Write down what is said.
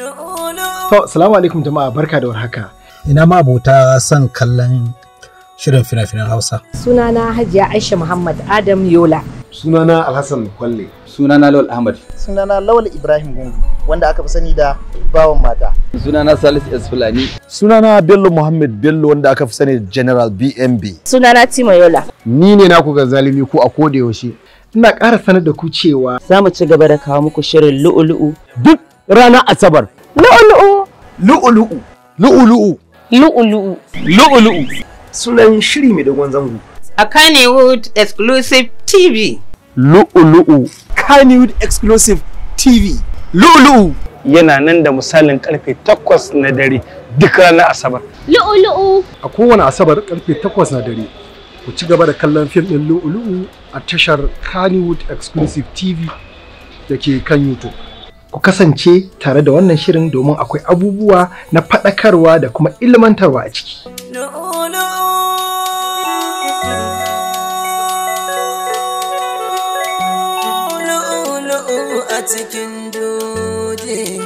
To, salamu alaikum jama'a barka da warhaka. Ina ma abota son kallon shirin fina-finan Hausa. Sunana Hajiya Aisha Muhammad Adam Yola. Sunana Alhassan Kwalle. Sunana Lawal Ahmad. Sunana Lawal Ibrahim Gungu wanda aka fi sani da bawan mata. Sunana Salis S. Fulani. Sunana Bello Muhammad Bello wanda aka fi sani da General BMB. Sunana Tima Yola. Ni ne naku ga zalimi ko a koda yaushe. Ina ƙara sanar da ku cewa za mu ci gaba da kawo muku shirin lu'u-lu'u duk ranar asabar lu'ulu'u lu'ulu'u lu'ulu'u lu'ulu'u lu'ulu'u sunan shiri mai dogon zango a Kannywood exclusive tv lu'ulu'u Kannywood exclusive tv lu'ulu'u yana nan da misalin karfe 8 na dare duk ranar asabar lu'ulu'u a kowane asabar karfe 8 na dare ku ci gaba da kallon fim din lu'ulu'u a tashar Kannywood exclusive tv da ke kan youtube ku kasance tare da wannan shirin domin akwai abubuwa na faɗakarwa da kuma ilmantarwa a ciki. cikin doje